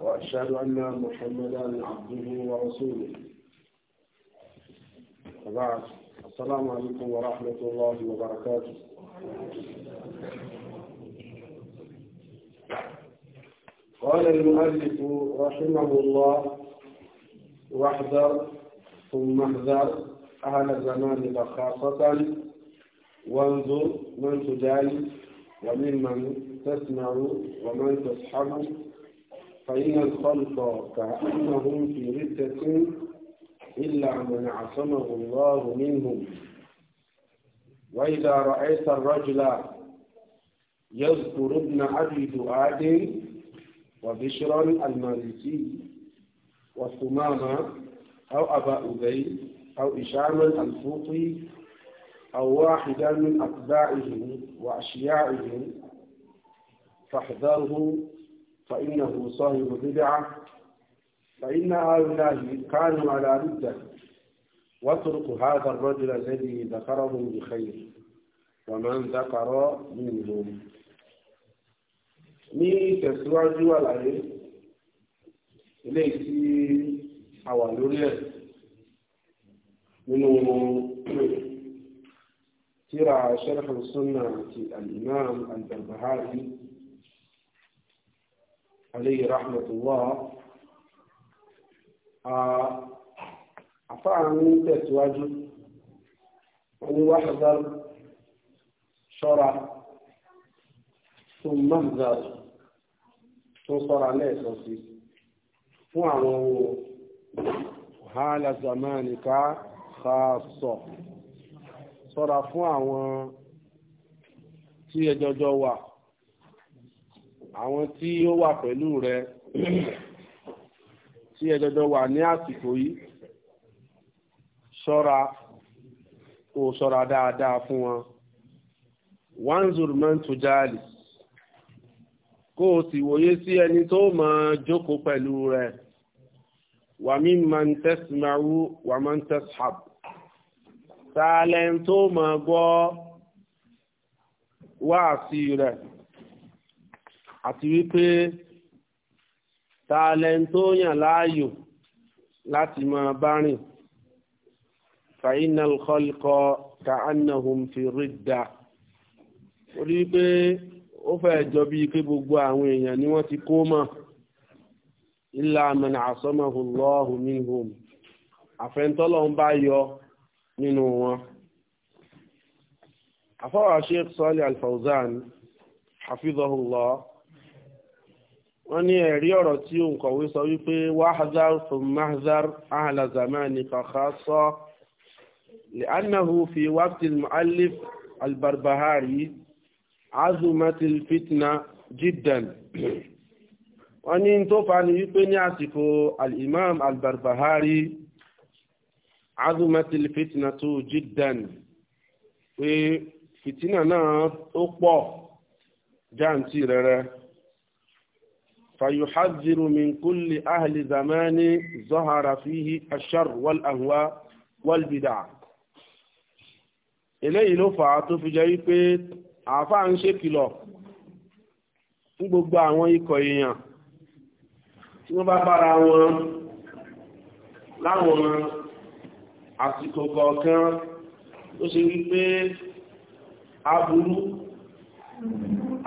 وأشهد أن محمدا عبده ورسوله وبعد السلام عليكم ورحمة الله وبركاته قال المؤلف رحمه الله واحذر ثم احذر أهل الزمان خاصة وانظر من تجالي وممن تسمع ومن تصحب فإن الخلق كأنهم في ردة إلا من عصمه الله منهم وإذا رأيت الرجل يذكر ابن أبي دؤاد وبشرا المالكي وثمامة أو أبا أبي أو إشاما الفوطي أو واحدا من أتباعه وأشياعه فاحذره فإنه صاحب بدعة فإن هؤلاء كانوا على ردة واترك هذا الرجل الذي ذكرهم بخير ومن ذكر منهم ní ìtẹ̀síwájú àlàyé ilé tí a wà lórí ẹ̀ nínú tíra sharh as àti al-imam al alayhi rahmatullah àfáàrin ń tẹ̀síwájú wọ́n ní wáṣọ̀dá ṣọ́ra tó mọ́ǹdà tó sọ́ra lẹ́ẹ̀kan sí fún àwọn ohun wàhálà zamanika khaasọ̀ sọ́ra fún àwọn tí ẹjọ́jọ́ wà àwọn tí ó wà pẹ̀lú rẹ tí ẹ jọjọ wà ní àsìkò yìí ṣọ́ra kó ṣọ́ra dáadáa fún wọn wanzur man tujalis kó o sì wòye sí ẹni tó máa jókòó pẹ̀lú rẹ wà mí man tasma'u wà man tashab tààlẹ̀ tó máa gbọ́ wáàsí rẹ̀ àti wípé tààlẹ́n tó yàn láàyò láti máa bá rìn fàínàl kọ́lùkọ́ ka'annahum fi ridda orí wípé ó fẹ́ jọ bí pé gbogbo àwọn èèyàn ni wọ́n ti kó mọ̀ illa man asamahu Allahu minhum bá yọ nínú wọn àfọwà Sheikh Salih Al-Fawzan wọ́n ní ẹ̀rí ọ̀rọ̀ tí òǹkọ̀wé sọ wípé wahzar fún mahzar ahla zamani fakhassa li'annahu fi waqti al-mu'allif al-barbahari azumati al-fitna jiddan wọ́n ní tó fa ni wípé ní àsìkò al-imam al fitna tó jiddan pé fìtínà náà ó pọ̀ jáǹtì rẹ̀rẹ̀. فيحذر من كل أهل زمان ظهر فيه الشر والأهواء والبدع eléyìí ló fà á tó fi jẹ́ wípé àáfàá ń ṣèkìlọ̀ fún gbogbo àwọn ikọ̀ èèyàn tí wọ́n bá bára wọn láwọn àsìkò kọ̀ọ̀kan tó ṣe wípé aburú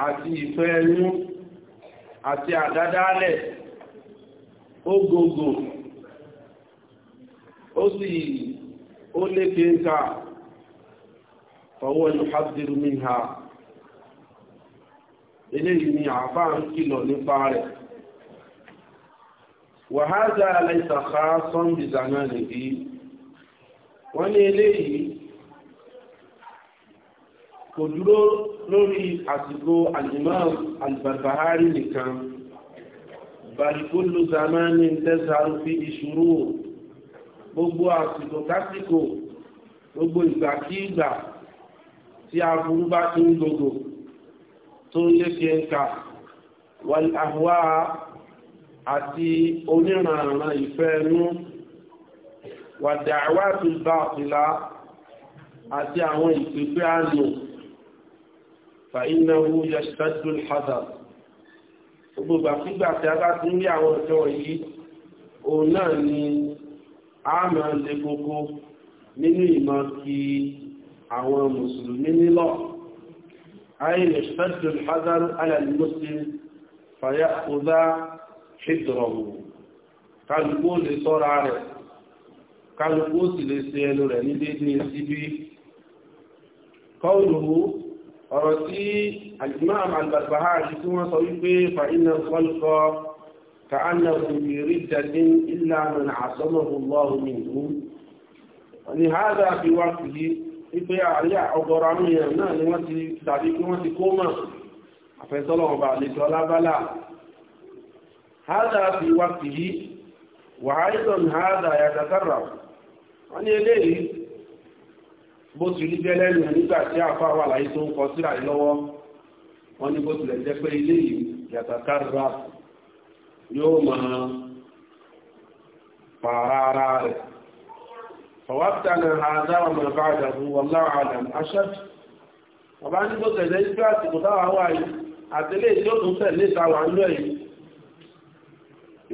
àti ìfẹ́ ẹnu àti àdádálẹ̀ ó gògò ó sì ó lé kéńkà fọwọ́ ìlú hasiru minha eléyìí ni àbá ń kìlọ̀ nípa rẹ̀ wàhálà aláìsàkà sọ́ndìzà náà nìbí wọ́n ní eléyìí kò dúró lórí àsìkò al-Imam al-Barbahari nìkan balikulu zamani tẹ́sàrù fi ìṣòro gbogbo àsìkò kásìkò gbogbo ìgbàkígbà tí aburú bá ti ń gbogbo tó lékè ẹ̀ka wal ahwa àti oníranran ìfẹ́ ẹnu wàdàwà tó bá àti àwọn ìpínpẹ́ àlò fàínàwó yẹ̀ṣẹ́dù hàdà gbogbo àfígbà tí a bá ti ń rí àwọn ọ̀tọ́ yìí òun náà ni a máa lè gbogbo nínú ìmọ̀ kí àwọn mùsùlùmí nílọ̀ ayé yẹ̀ṣẹ́dù hàdà alàlùmọ́sí fàyà ọ̀dá ṣètọ̀rọ̀wò kálukú ó lè sọ́ra rẹ̀ kálukú ó sì lè ṣe ẹnu rẹ̀ ní déédéé síbí kọ́ọ̀lù ọ̀rọ̀ tí al-Imam al-Barbahari tí wọ́n sọ wípé fa inna khalqa ka'annahum fi riddatin illa man asamahu Allahu minhum ni hádà fi wá sí yí wípé àríyà ọgọ́rọ̀ àwọn èèyàn náà ni wọ́n ti tàbí kí wọ́n ti kó mọ̀ àfẹ́sọ́lọ́wọ́ bó ti rí jẹ́lẹ́nu nígbà tí àfa wà láyé tó ń kọ síra yìí lọ́wọ́ wọ́n ní bó tilẹ̀ jẹ́ pé ilé yìí yàtọ̀ kárìbá yóò máa pààrà ara rẹ̀ fọwọ́tàna àdáwà mọ̀ bá àdàbù wọlá àdàm aṣẹ́ ọba ní bó tẹ̀lé ìgbà àsìkò táwà wà yìí àtẹlé tí ó tún ń lọ yìí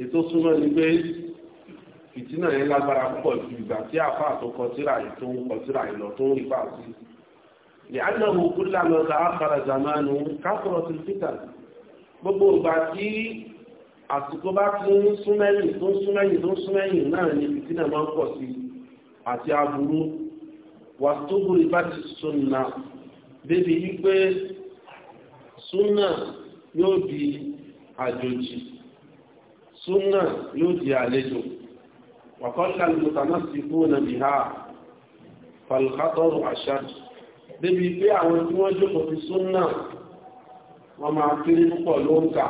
ètò súnmọ́ ni pé fìtínà yẹn lágbára púpọ̀ ju ìgbà tí àfáà tó kọ síra yìí tó ń kọ síra yìí lọ tó ń rí fáà sí. lẹ́yìnlẹ́hu kúlàmù ọ̀gá àkàrà zamanu káfọ̀rọ̀ ti fìtà gbogbo ìgbà tí àsìkò bá ti ń súnmẹ́yìn tó ń súnmẹ́yìn tó ń súnmẹ́yìn náà ni fìtínà máa ń pọ̀ sí àti aburú wàstóbùrì bá ti sunna débi wípé sunna yóò di àjòjì sunna yóò di àlejò. وقل المتمسكون بها فالخطر أشد débi pé àwọn tí wọ́n jókòó ti súnnà wọ́n máa kéré púpọ̀ ló ń kà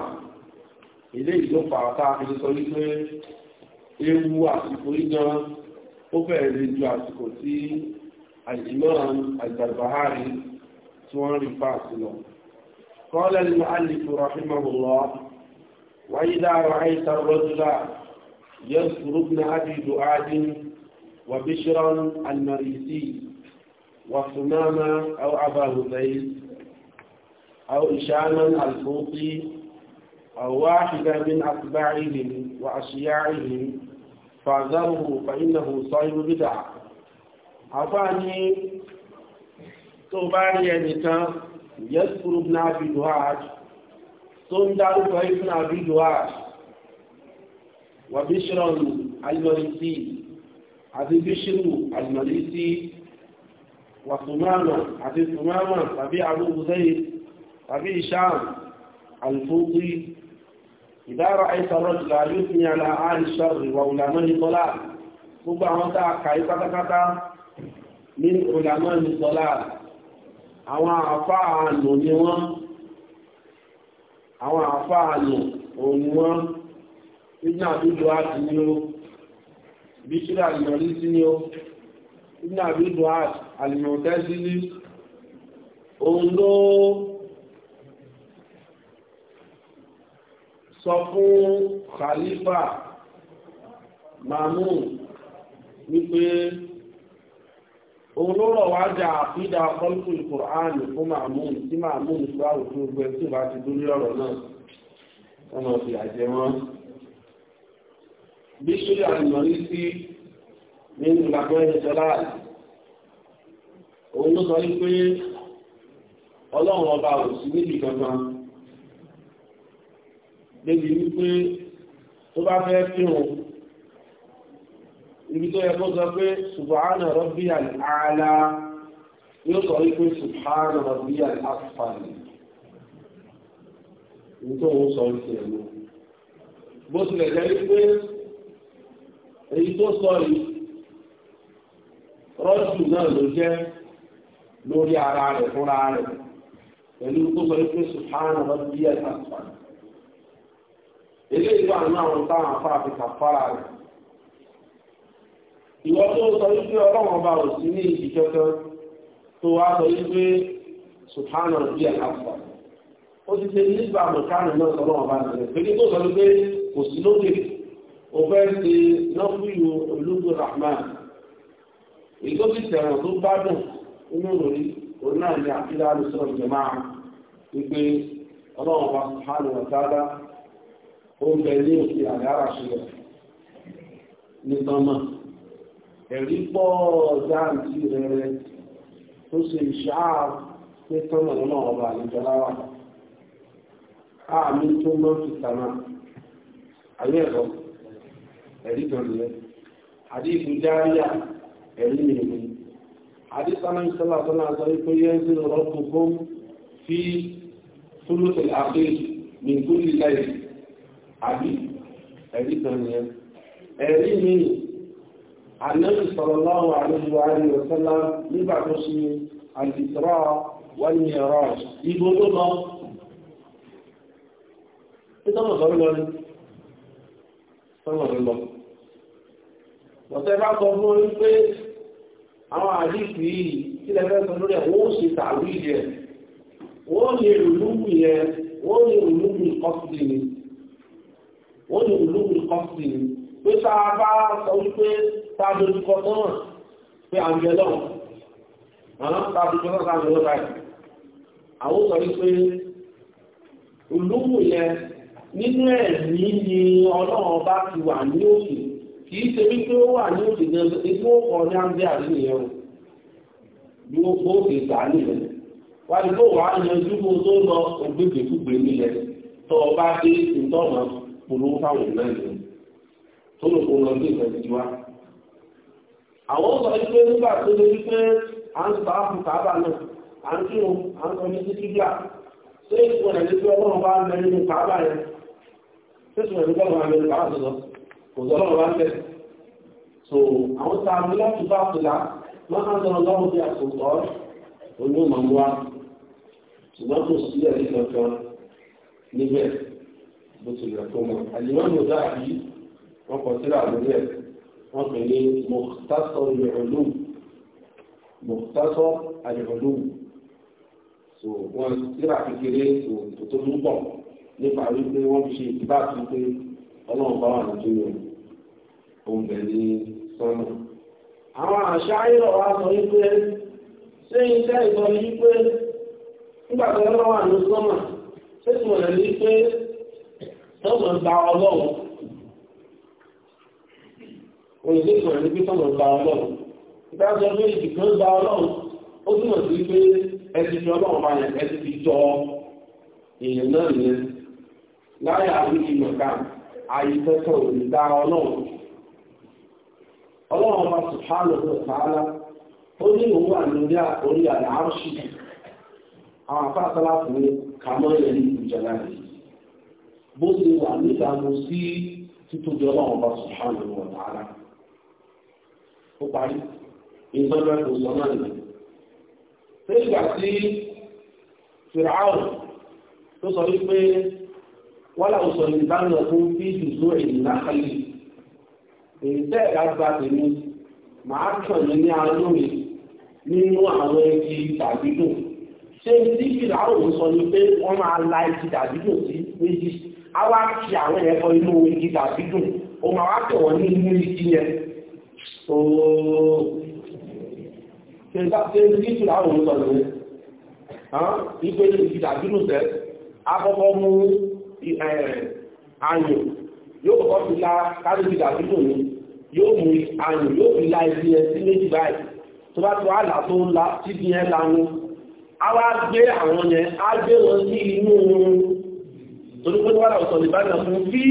ilé ìlópa ọ̀tá àfihàn sọ wípé ewu àsìkò ìjọ ó fẹ́ẹ̀ lè ju àsìkò tí àìsímọ́ràn àìsàgbàhárì tí wọ́n rí fáàsì lọ قال المؤلف رحمه الله وإذا رأيت الرجل يذكر ابن أبي دعاد وبشرا المريسي وصماما أو أبا هذيل أو إشاما الفوطي أو واحدا من أتباعهم وأشياعهم فاعذره فإنه صاحب بدعة أفاني توباني أنك يذكر ابن أبي دعاد ثم دارك ابن أبي دعاد wà bíṣírọ̀lù alimọ̀lẹ́sì àti bíṣírù alimọ̀lẹ́sì wà sùmánà àti sùmánà tàbí abúgbùsẹ́yì tàbí ìṣàm alfúkú ìdára àìsàrọ̀jùlá yóò fi yàrá àìsàrì wà ulàmọ́ ní tọ́lá gbogbo àwọn tá a kàí pátápátá ní ulàmọ́ ní tọ́lá àwọn àfá àánú ni wọ́n àwọn àfá àánú òun wọ́n ìgbà àdúgbò àti ní ó bí ṣílá àlìmọ̀rí sí ní ó ìgbà àdúgbò àti àlìmọ̀tẹ́ sí ní òun ló sọ fún Khalifa Mamun wípé òun ló rọ̀ wá jà àfídà kọ́lùkù Qur'an fún Mamun tí Mamun fún àwùjọ gbẹ bá ti dúró lọ́rọ̀ náà wọ́n lọ sí àjẹmọ́ بشري عن المريض من الأقوال الثلاث òun ló sọ wípé ọlọ́run ọba ò sí níbi kankan débi wípé tó bá fẹ́ kírun ibi tó yẹ kó sọ pé subhana rabbi al'ala yóò sọ wípé subhana rabbi al'afali ní tó ń sọ ìṣẹ̀lú bó tilẹ̀ jẹ́ wípé èyí tó sọ yìí rọ́ọ̀sù náà ló jẹ́ lórí ara rẹ̀ fúnra rẹ̀ pẹ̀lú tó sọ pé sùpáànà lọ bí ẹ̀ sàtúwà. eléyìí wà ní àwọn táwọn afá fi kàfàrà rẹ̀. ìwọ tó sọ wípé ọlọ́wọ́n bá ò sí ní ìdíjọ́ kan tó wá sọ wípé sùpáànà lọ bí ẹ̀ sàtúwà. ó ti ṣe nígbà mọ̀kánù náà sọ lọ́wọ́n bá rẹ̀ pé kí tó sọ wípé kò sí lókè òfẹ́ ṣe lọ́fíìlú ológun rahman ìtòsí tẹ̀wọ̀n tó bá dùn nínú ìròyìn òun náà ní àfihàn àlùsọ̀ ìjọba wípé ọlọ́run wa subhanahu wa ta'ala ó ń bẹ ní ṣẹlẹ̀ ẹ̀rí pọ̀ dáàntì rẹ̀ tó ṣe ìṣáà pé lọ́nà ọba àlejọ́lá àmì tó mọ́ ẹ̀rí tọ̀rọ̀ yẹn àdífù járíà ẹ̀rí mìíràn àdísánà ìṣẹ́lá tọ́lá àtọ́rí pé yẹn sí rọ́pù kó fi fúlùtù àpé ní kúlì láì àbí ẹ̀rí tọ̀rọ̀ yẹn ẹ̀rí mìíràn ànábì sallallahu alaihi wa sallam nígbà tó ṣe al-Isra wal-Mi'raj ìbò tó lọ nítorí ọ̀sán lọ sọ́nà ló lọ. Lọ́sẹ̀ bá sọ fún orí pé àwọn àdìsí yìí tí lẹ́fẹ́ sọ lórí ẹ̀ wọ́n ṣe tààrí yẹ. Wọ́n ní ìlúùmù yẹ, wọ́n ní ìlúùmù kọ́sìlì ni. Wọ́n ní ìlúùmù kọ́sìlì ni. Pé tá a bá sọ wípé tá a dojú kọ sọ́nà pé à Àwọn tá a dojú nínú ẹ̀mí ni ọlọ́run bá ti wà ní òsì kì í ṣe wípé ó wà ní òsì náà ipò ọkọ̀ ní àǹdí àríyàn o bí ó kó gbà nílẹ̀ wá ní kó wàá yanjú kó tó lọ ògbégbèkúgbè nílẹ̀ tó o bá dé ìtọ́nà polówó fáwọn ìlú ẹ̀yìn tó lò kó lọ sí ìfẹ́ tiwa. àwọn sọ wípé nígbà tó lè wípé à ń sọ áfíríkà bá náà à ń kírun à ń sọ ní títí bíà ṣé ìfọ̀nà ìdíjọ́ ọlọ́run bá ń bẹ nínú kàábà yẹn sẹ́sùn ẹ̀rú gbọ́dọ̀ máa bẹ̀rẹ̀ bàrà sọ̀tọ̀ kò sọ lọ́wọ́ bá ń bẹ̀rẹ̀ so àwọn sáàmù láti bá fìlà máa ń sọ̀rọ̀ lọ́wọ́ bí àtúntọ́ oní ìmọ̀mú wa ṣùgbọ́n kò sí ẹ̀rí kankan níbẹ̀ bó ti rẹ̀ tó mọ̀ àlìmọ́nì ọ̀dà àbí wọn kọ̀ síra lórí ẹ̀ wọ́n pè ní mọ̀tásọ̀ ìrọ̀lú mọ̀tásọ̀ àìrọ̀lú so wọ́n síra kékeré tó tó tó ń bọ̀ nípa wípé wọ́n fi ṣe ìdíbà pé ọlọ́run bá wà nàìjíríà òun bẹ̀ ní sọ́nà. àwọn àṣà ayọ̀ wa sọ wípé ṣé iṣẹ́ ìtọ́ni wípé nígbà tó ń wà ní sọ́nà ṣé tí wọ́n lè pé sọ́nà gba ọlọ́run òyìnbó ìtọ́ni pé sọ́nà gba ọlọ́run ìgbà tó ń gbé ìdìkan gba ọlọ́run ó túmọ̀ sí pé ẹ ti fi ọlọ́run bá ẹ ti fi jọ èèyàn náà yẹn láyà lórí mọ̀ká àìsẹ́kọ̀ ìdá ọlọ́run ọlọ́run ọba subhanahu wa ta'ala ó ní òun wà lórí orí àlàáṣì àwọn afáàtàlá fún kàmọ́ ìjọba rẹ̀ bó ṣe wà sí ọlọ́run ó parí wọ́n làwọn sọ̀rọ̀ ìbánu ọ̀fún bí ìdùnnú èyí lákàlẹ̀. èyí tẹ́ ẹ̀ka gba tèmi màá kàn ní ní arú mi nínú àwọn ẹbí dàbídò. ṣé tí ìlà òun sọ ni pé wọ́n máa la ẹbí dàbídò sí méjì á wá kí àwọn ẹ̀kọ́ inú ẹbí dàbídò ó máa wá pè wọ́n ní inú ìdí yẹn. ṣé tí ìlà òun sọ ni pé ìpele ìdàbídò tẹ́ akọ́kọ́ mú ayò yóò kọ́kọ́ fi la kábíyèsí dàbídò ní yóò mú ayò yóò fi la ibi ẹ sí méjì báyìí tó bá tó àlà tó ń la síbi ẹ lanu a wá gbé àwọn yẹn á gbé wọn sí inú torí pé wọ́n làwọn sọ̀rọ̀ ìbáná fún bí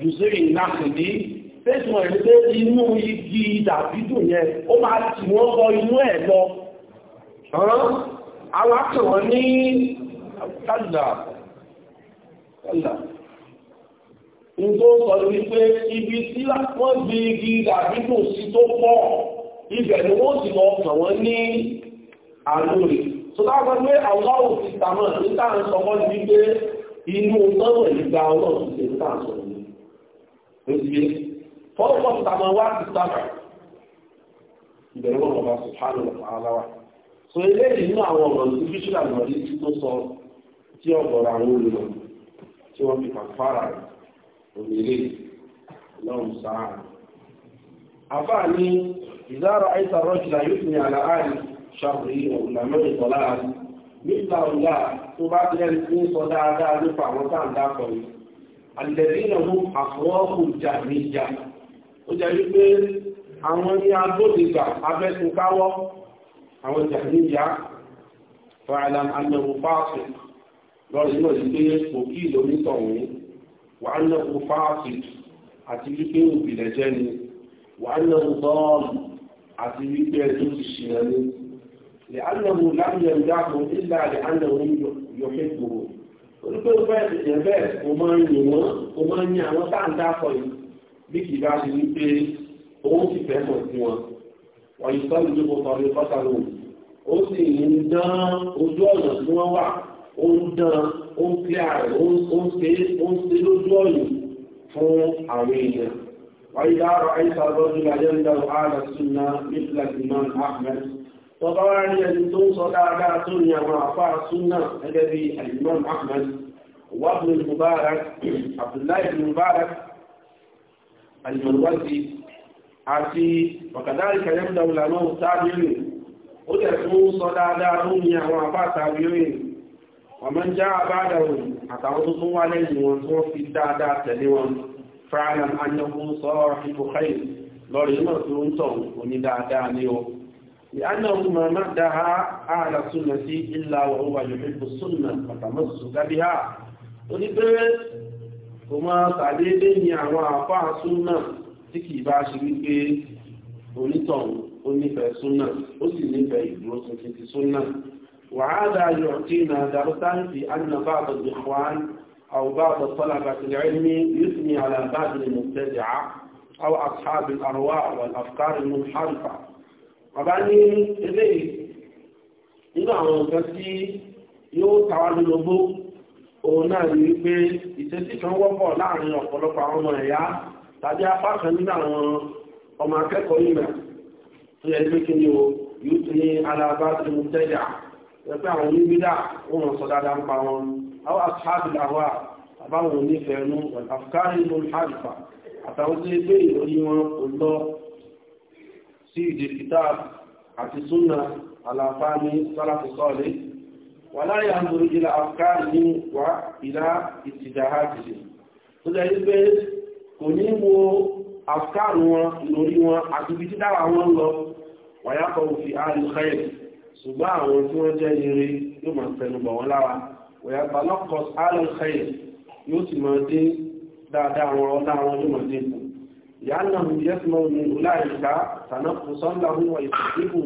jùsírì nàkùdí tẹ́sùn ẹ̀rí pé inú igi dàbídò yẹn ó máa tì wọ́n bọ inú ẹ̀ lọ àwọn akọ̀wọ̀n ní tàbí ọ̀là nítorí sọ ní pé ibi tí wọ́n gbé igi tàbí kò sí tó pọ̀ ibẹ̀ ni wọ́n sì lọ kàn wọ́n ní àlórí tó dágbà pé aláwò ti tàmà ní táàrin sọmọ́ ní wípé inú ọlọ́rọ̀ ìgbà ọlọ́rọ̀ ti ṣe táà sọ ní oṣìṣẹ́ fọ́ọ̀pọ̀ tàmà wá ti tàmà ìbẹ̀rẹ̀ wọn ọba sùhánù aláwà so eléyìí inú àwọn ọ̀rọ̀ tí bíṣúlà lọ́dí tí tó sọ tí ọ̀gọ̀rọ̀ àwọn olùrọ̀ tí wọ́n fi kàfàrà òmìnirè lọ́hùn sáà. Àfà ní ìzára àìsàn rọ́jìlá yóò fi àlà àárín ṣàbùrí ọ̀gbìnàmọ́ ìtọ́lá nípa ọ̀gá tó bá ti rẹ́ni tí ń sọ dáadáa nípa àwọn táǹdà kan yìí. Àlẹ́bí náà mú àfọwọ́kù jà níjà. Ó jẹ́ wípé àwọn ní agbódegbà abẹ́sùnkáwọ́ àwọn jà níjà. Fàìlàn àmẹ̀wò fáàfẹ́ lọ́rọ̀ inú ẹ̀sìn pé òkì lónítọ̀hún wà á náà kó fáàsì àti wípé òbílẹ̀ jẹ́ ni wà á náà bọ́ọ̀lù àti wípé ẹjọ́ ti ṣìnà ni lè á náà mú láàyè ń dáàbò nílà lè á náà ń gbòòrò olùkọ́ ìfẹ́ ìṣẹ̀lẹ̀ bẹ́ẹ̀ kò máa ń yìn wọ́n kò máa ń yìn àwọn táǹdà kọ yìí bí kì í bá ti wípé òun ti fẹ́ mọ̀ sí wọn wọ́n yìí sọ́ọ́ ó ń dán ó ń pè ààrẹ ó ń ṣe ó ń ṣe lójú ọ̀yìn fún àwọn èèyàn wáyé àrọ̀ àìsà lọ́dún àjẹ́ndà ààrẹ súnà nípìlẹ̀ imam ahmed tọba wá rí ẹni tó ń sọ dáadáa tó ní àwọn àfá súnà gẹ́gẹ́ bí imam ahmed wabul mubarak abdullahi mubarak alimọ̀lúwàsí àti ọ̀kàdáàrí kẹrẹ́mdà ìlànà tàbí rìn ó jẹ́ tó ń sọ dáadáa tó ní àwọn àfá tàbí wọ́n mọ́ ń já àbáda òun àtàwọn tó tún wá lẹ́yìn wọn tí wọ́n fi dáadáa tẹ̀lé wọn fáàlàm anyahu sọ́ọ̀rọ̀ fífò káyì lọ́rọ̀ yìí tó ń tọ̀ òní dáadáa ní o لأنه ما مدها أهل السنة إلا وهو يحب السنة وتمسك بها oníbẹ̀rẹ̀ kò máa tàdédé ní àwọn àfáà súnà tí kìí bá ṣe wípé وهذا يعطينا درسا في أن بعض الإخوان أو بعض طلبة العلم يثني على بعض المبتدعة أو أصحاب الأرواح والأفكار المنحرفة وبعني إليه إنه àwọn nǹkan tí yóò tàwárí lóbó òun náà ní wípé ìtẹ́sí kan wọ́pọ̀ láàrin ọ̀pọ̀lọpọ̀ àwọn ọmọ ẹ̀yà tàbí apá kan nínú àwọn ọmọ akẹ́kọ̀ọ́ ìmọ̀ tó yẹ pé kí ni o yóò tún ní alábàá tó ń tẹ́jà ẹgbẹ́ àwọn onígbídà wọn sọ dáadáa ń pa wọn àwọn asáàbì làwà àbáwọn onífẹ̀ẹ́nu àfikárí ló ń hàbìfà àtàwọn tí gbé ìròyìn wọn kò lọ sí ìdè kitab àti súnà àlàfáàní sálàfù sọ́ọ̀lẹ̀ wà láyé àmúrú ilẹ̀ àfikárí ní wà ìlà ìtìjáhá tó jẹ́ wípé kò ní wo àfikárí wọn ìròyìn wọn àti ibi tí dára lọ wà yàtọ̀ òfin àrùn ṣùgbọ́n àwọn tí wọ́n jẹ́ ire yóò máa fẹnu bọ̀ wọ́n lára wẹ̀yà balọ́kọ̀ alẹ́kẹ̀yẹ yóò sì máa dín dáadáa wọn ọ̀dá wọn yóò máa dín kù ìyá náà mú yẹ́ fún ọmọ ìlúláìka tànà kù sọ́ńdà fún wọn ìsìnkú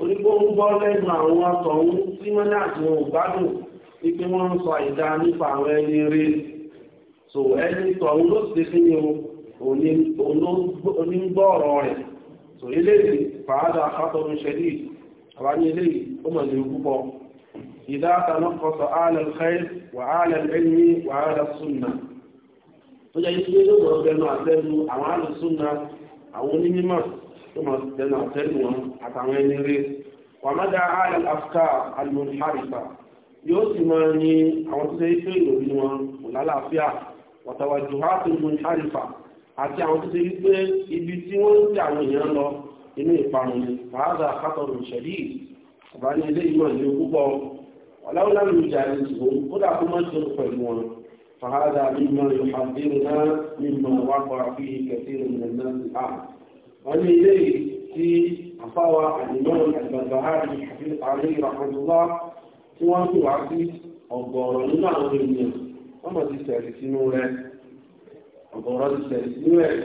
onígbó ń gbọ́ lẹ́nu àwọn ọ̀tọ̀hún tí wọ́n náà ti wọn ò gbádùn wípé wọ́n ń sọ àìdá nípa àwọn ẹni ire so ẹni tọ̀hún ló ti fi ní onígbọ́ ọ̀rọ̀ rẹ̀ so eléyìí fàádà akátọ̀run ṣẹlẹ̀ àwa ní ilé ó mọ̀ lè púpọ̀ ìdá àtàlọ́kọ̀ọ́sọ̀ ààlẹ̀lẹ́ wà ààlẹ̀lẹ́yìn wà ààlẹ̀sùnà tó jẹ́ ilé yóò mọ̀ bẹnu àtẹ́nu àwọn ààlẹ̀sùnà àwọn onímọ̀ tó mọ̀ bẹnu àtẹ́nu wọn àtàwọn ẹni rí wà mọ́dá ààlẹ̀ afká alùmọ̀lùmọ̀lùmọ̀ yóò sì mọ̀ ní àwọn tó ṣe inú ìparun ni fàáza àkátọ̀rù ìṣẹ̀lí ọba ní ilé ìmọ̀ ní púpọ̀ ọ̀làwọ̀lá mi jà ní ìṣòro kódà kó má jẹun pẹ̀lú wọn fàáza mímọ ìfàdéhùn náà mímọ wákọ̀ àfi kẹsí ìrìnà náà ti hàn wọn ní ilé tí àfáwa àdìmọ́ àgbàgbàhárì àti àrí ìràkọ̀tùwá tí wọ́n ń pè wá sí ọ̀gọ̀ọ̀rọ̀ nínú àwọn ènìyàn wọ́n mọ̀ ti tẹ̀lé sínú rẹ̀ ọ̀gọ̀ọ̀rọ̀ ti tẹ̀lé sínú rẹ̀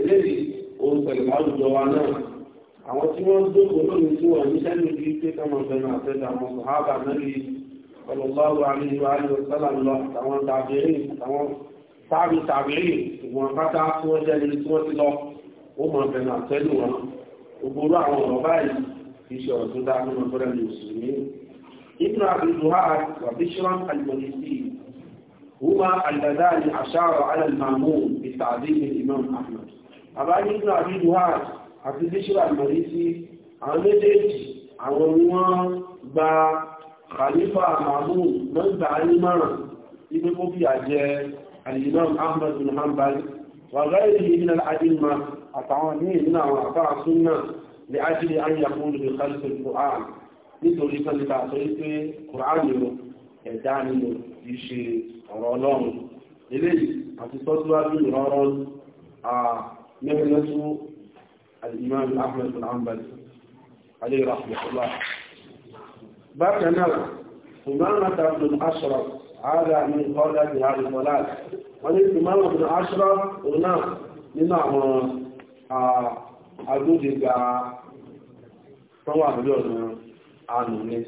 eléyìí ohun tẹ̀lé láwùjọ wa náà àwọn tí wọ́n dókò lórí tí wọ́n ní sẹ́nu bí pé kọmọ̀ sẹ́nu àtẹ́lẹ̀ àwọn sọ̀hábà mẹ́rin ọlọ́lọ́wọ́ àríwá àríwọ̀sọ́là lọ àtàwọn tàbírin àtàwọn tàbí tàbírin ìwọ̀n pátá tí wọ́n jẹ́ lórí tí wọn ògbóró àwọn àti bíṣíwà mọ̀rí sí àwọn méjèèjì àwọn ni wọ́n gba khalifa mahmoud mọ́gbà alimọ́ràn ibi kó fi àjẹ alimọ́m ahmed bin hanbal wà gáyé ní ìlú adìmọ̀ àtàwọn ní ìlú àwọn àfáà súnà ní ájílé ayàkó lè kálífẹ̀ kùrán nítorí sọ́lítà sọ wípé kùrán nìlò الإمام أحمد بن عمبل عليه رحمة الله بكنا إمامة بن أشرف هذا من قول في هذا الضلال والإمامة بن أشرف هنا لنعم أدود الجاء فهو أبدون عنه ليس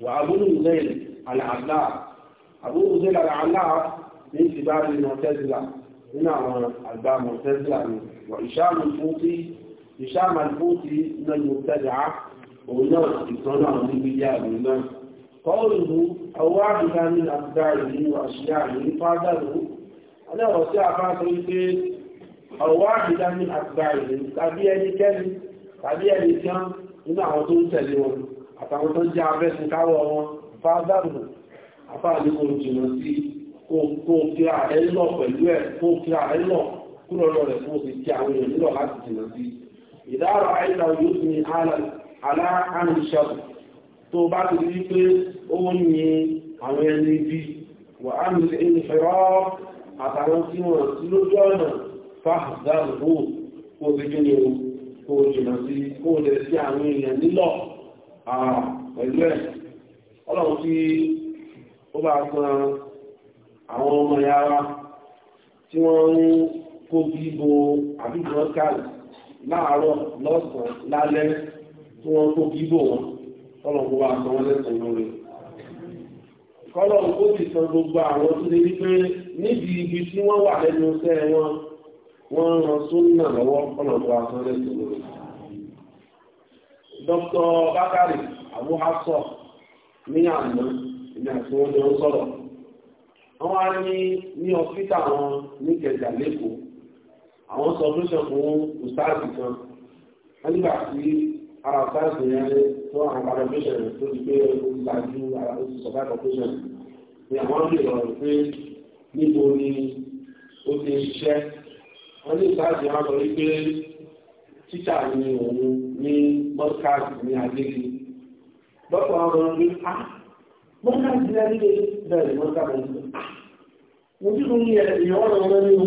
وأبو نزيل العلاق أبو نزيل العلاق من كبار المعتزلة هنا أتباع المعتزلة وإشام الفوطي هشام الفوطي من المبتدعة ونوع الصنع بمجابنا قوله أوعدك من أقداره وأشياعه فعدله أنا وسيع فاطمة أوعدك من أقداره tàbí ẹnikẹ́ni tàbí ẹnìkan nínú àwọn tó ń tẹ̀lé wọn àtàwọn tó ń jẹ́ abẹ́sùn káwọ́ wọn fádàbù àfáàdé kò jìnà sí kó kí ààrẹ lọ pẹ̀lú ẹ̀ kó kí ààrẹ lọ kúrò lọ rẹ̀ fún òsì tí àwọn èèyàn nílò láti jìnà sí ìdára àìlà yóò ní aláàrínṣàbù tó bá ti rí pé ó ní àwọn ẹni bí wà á ní ẹni fẹ́rọ́ àtàwọn tí wọ́n sí lójú ọ̀nà fáàzàrù kó ti jí tí wọ́n ń kó bí bo àbíkan káàlì láàárọ̀ lọ́sàn-án lálẹ́ tí wọ́n kó bí bò wọn kọ́lọ̀kọ́ wa sọ wọ́n lẹ́sàn lórí kọ́lọ̀kọ́ ti sọ gbogbo àwọn tó lè rí pé níbi ibi tí wọ́n wà lẹ́nu iṣẹ́ wọn wọ́n ran súnà lọ́wọ́ kọ́lọ̀kọ́ wa sọ lẹ́sàn lórí dr bakari abuhasọ ní àná ìgbà tí wọ́n jọ ń sọ̀rọ̀ wọ́n wá ní ní ọ́fíìsì àwọn níkẹjà lẹ́kọ̀ọ́ àwọn solution fún ìsáàsì kan wọ́n nígbà tí ara ìsáàsì yẹn fún àwọn parapletion tó ti pé olùdájú ara tó ti sọ̀tà corporation ni àwọn lè rọ̀ pé níbo ni ó ti ṣiṣẹ́ wọ́n ní ìsáàsì yẹn wọ́n sọ wípé títà ni òun ní mọ́tíkàsì ní adéke lọ́pọ̀ àwọn ọmọ ah, ní a mọ́tíkàsì ní adéke bẹ́ẹ̀ ni mọ́tíkàsì ní adéke ah, mo ní ìròyìn ẹ̀yọ́ ọ̀rọ̀ ọ̀rọ̀ nínú.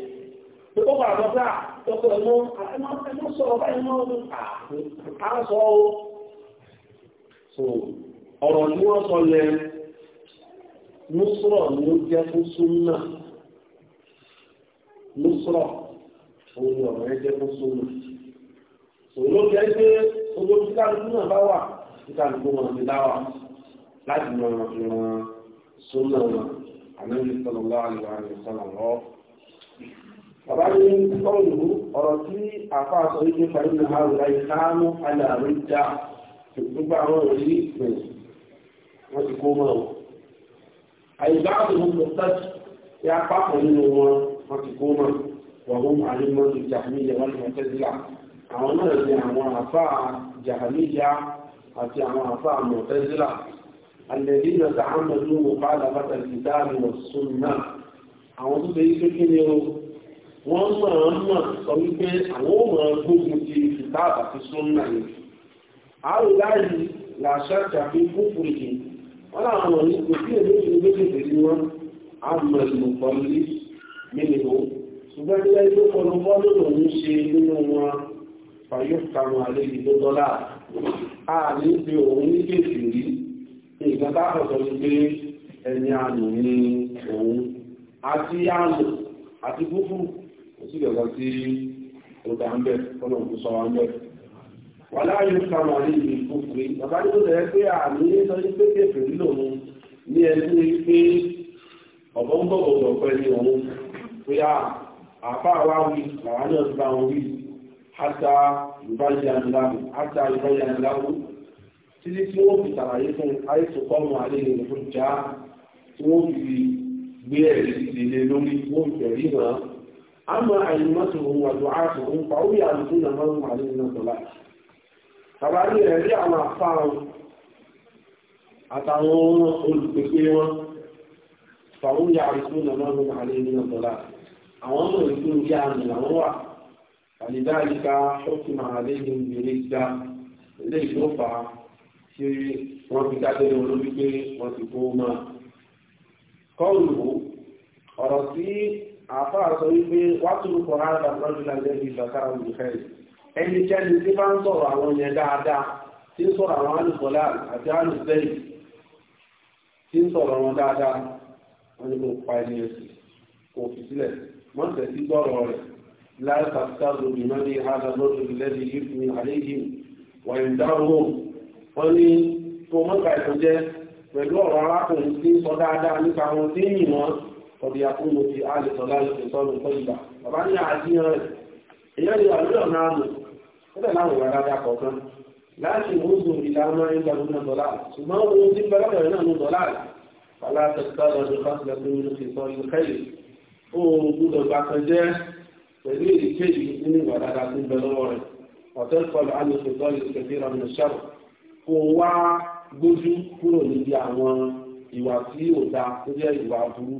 ó bá àbọ̀ sáà tọ́kọ ah, ẹ̀mọ́ ah, ẹ̀mọ́ sọ̀rọ̀ báyìí mọ́ ọdún àásọ ah, ó so ọ̀rọ̀ ni wọ́n sọ lẹ nùsọ̀rọ̀ ni ó jẹ́ fún súnmọ́ nùsọ̀rọ̀ òun ni ọ̀rọ̀ yẹn jẹ́ fún súnmọ́ so ló jẹ́ pé gbogbo kíkàlùkù náà bá wà kíkàlùkù wọn ti dá wà láti mọ ìran súnmọ́ àmì ìsọ̀rọ̀ láàrin àwọn ìsọ̀rọ̀ lọ́wọ́ ní kọ́ọ̀lù ọ̀rọ̀ tí àfáà sọ wípé fàyín náà àrùlá ìkáánú aláàrú já gbogbo àwọn òrí rẹ̀ wọ́n ti kó mọ́ ọ. àyíká àwọn olùtọ́jú ya pápọ̀ nínú wọn wọ́n ti kó mọ́ wọ̀hún àlímọ́tò jàmíyà wọn lọ tẹ́sílà àwọn náà ni àwọn àfáà jàmíyà àti àwọn àfáà mọ̀ tẹ́sílà الذين تعمدوا مخالفة الكتاب والسنة àwọn tó ṣe yí pé kí ni o wọ́n máa ń mọ̀ sọ wípé àwọn ò máa gbógun ti kìtáàbù àti súnmọ́ ni. àrùn láàyè làṣà tàbí kúkú yìí wọ́n láwọn ọ̀rọ̀ ní kò sí èdè ìlú méjèèjì sí wọn àmọ̀ ìmọ̀pọ̀ ní mílíọ̀ ṣùgbọ́n ní ẹgbẹ́ ọ̀nà bọ́ọ̀lù lòún ṣe nínú wọn fàyọ̀ kanu alẹ́ ìlú dọ́là a ní pé òun ní kéèsì rí nǹkan bá kọ̀tọ̀ ní pé ẹni àlù ní òun àti àlù àti kúkúrú kò sí ìdọ̀gá sí ọ̀dà ń kọ́nà òkú sọ wa wà láàyè kàmà ní ìlú ìfúnfúri bàbá ní kòtò ẹ pé àmì sọ ní pé kéfì nílò mu ní ẹni pé ọ̀bọ̀ ń bọ̀bọ̀ bọ̀ pẹ̀lú òun pé a àfa wa wí làwọn náà ti bá wọn wí hátà ìbáyánláwò hátà ìbáyánláwò títí tí wọ́n fi tàlàyé fún àìsàn kọ́mù àlẹ́ ìlú tí wọ́n fi gbé ẹ̀rí ìdílé lórí wọ́n fẹ̀rí hàn أما أئمتهم ودعاتهم فهم يعرفون ما هم عليه من الضلال tàbárí rẹ̀ rí àwọn àfáàrùn àtàwọn olùpèpè wọn fàwọn yà àfá àṣọ wípé wátúrú kọ̀rọ̀ àdàbọ̀rọ̀dúnlá lẹ́bí ìgbàkára olùfẹ́ ẹni jẹ́ni tí bá ń sọ̀rọ̀ àwọn yẹn dáadáa tí ń sọ̀rọ̀ àwọn alùpọ̀lá àti alùsẹ́yìn tí ń sọ̀rọ̀ wọn dáadáa wọn ni kò pa ẹni ẹ̀sìn kò fi sílẹ̀ wọ́n tẹ̀ sí gbọ́rọ̀ rẹ̀ láì kàtàkì ìmọ̀lẹ́ àdàbọ̀rọ̀dúnlá ní ọ̀dẹ̀ àkúrò ti àlẹ́sọ̀ láìsọ̀ sọ́nù tó ìgbà bàbá ní àdíyàn rẹ̀ èyàn ni àlúyọ̀ náà nù níbẹ̀ láwọn ìwà dáadáa kọ̀ọ̀kan láti oúnjẹ ìlànà ìgbà lónà dọ́là ṣùgbọ́n ohun tí bẹ́rẹ̀ bẹ̀rẹ̀ náà nù dọ́là wàlá tẹ̀síkà lọ́dún fásilẹ̀ tó ń fi sọ ìlú kẹ́yì ohun gbúdọ̀ gbà kan jẹ́ pẹ̀lú èdèkéyìí nínú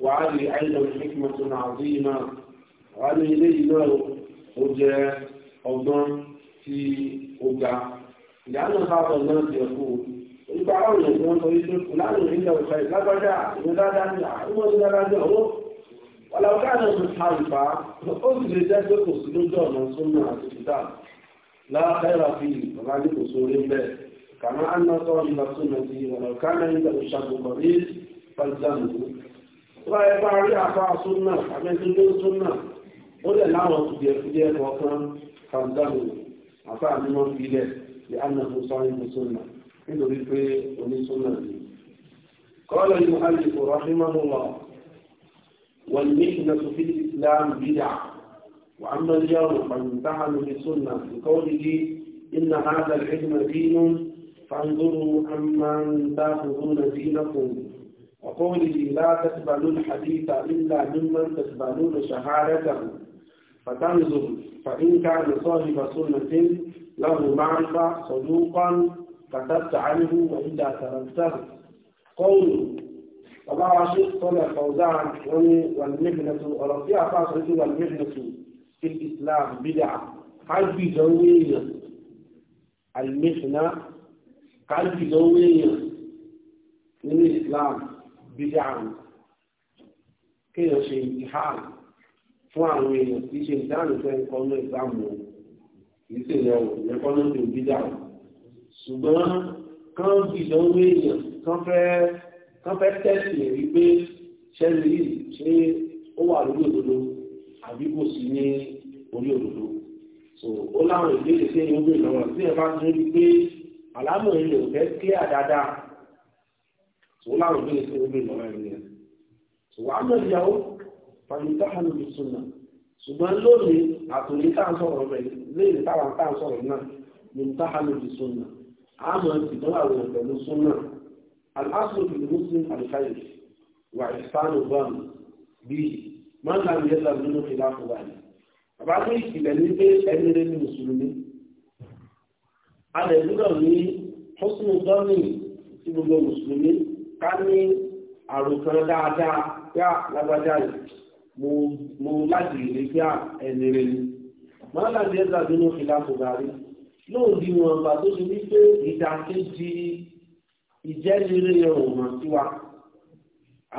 وعلي أيضا حكمة عظيمة وعلي إليه له وجاء أوضان في أوجع لأن هذا الناس يقول ìgbà àwọn èèyàn tó ń sọ wípé láàrin ìlẹ̀ òṣà ìlágbájá ìrọ̀dáadáa ní àwọn ìdáradá owó ọ̀làwọ̀ká náà ti ta ìfà ó sì lè jẹ́ pé kò sí lójú ọ̀nà súnmọ́ àti ìdá láàkàrà fi bàbá ní kò sóore ń bẹ̀ kàmá àná sọ́ọ́ ìlà súnmọ́ ti ọ̀làwọ̀ká náà ìlẹ̀ òṣà gbogbo rí pàjáwìrì wọ́n ẹ bá rí àpá súnà àmẹ́sílé súnà ó lẹ̀ láwọn kùdìẹ̀kùdìẹ̀ kọ̀ọ̀kan kàńdàmù àpá àmìmọ́ ilẹ̀ di ánàmù sọ́yìn súnà nítorí pé onísúnà ni. قال المؤلف رحمه الله والمحنة في الإسلام بدع وأما اليوم فامتحنوا بالسنة بقوله إن هذا العلم دين فانظروا عمن تأخذون دينكم وقوله لا تقبلون حديث إلا ممن تقبلون شهادته فتنظر فإن كان صاحب سنة له معرفة صدوقا كتبت عنه وإذا تركته قول طبعا شيخ صلى فوزان والمهنة ورفيع فاصل والمهنة في الإسلام بدعة هل في زوية المهنة هل في زوية من الإسلام bídà àrùn kéèyàn ṣe ìhàrù fún àwọn èèyàn tí ṣe ìdáhùn fẹ́ ń kọ́nú ìgbàmù yìí sì lọ ìyẹn kọ́nú tó bídà àrùn ṣùgbọ́n kán bì lọ́wọ́ èèyàn kán fẹ́ kán fẹ́ tẹ̀sí ẹ̀ wípé ṣẹ́ni yìí ṣé ó wà lórí òdodo àbí kò sí ní orí òdodo ó láwọn ìbéèrè tí èèyàn ń gbé lọ́wọ́ tí ẹ bá ti rí pé àlámọ̀ èèyàn fẹ́ kílíà dáadáa so láwọn òbí ni sí omi ìlọ́wọ́ ẹ̀rí ẹ̀ so wàá mọ̀ ìyàwó fàmìtá hànú bí súnà ṣùgbọ́n lónìí àtòlí tá à ń sọ̀rọ̀ rẹ̀ lẹ́yìn táwa tá à ń sọ̀rọ̀ náà ni tá hànú bí súnà àmọ́ ìdánwò pẹ̀lú súnà aláṣọ ìlú muslim alifáyè wà ìsánù bọ́ọ̀mù bíi mọ́ńdà ń ká ní àròsọ dáadáa yá lágbájá yìí mo láti rí bí ẹni rẹ ni máa láti ẹ̀ dàbí ní òfin láti darí lóòdì wọn bá tó ti wípé ìdàkejì ìjẹ́nire yẹn ò hàn sí wa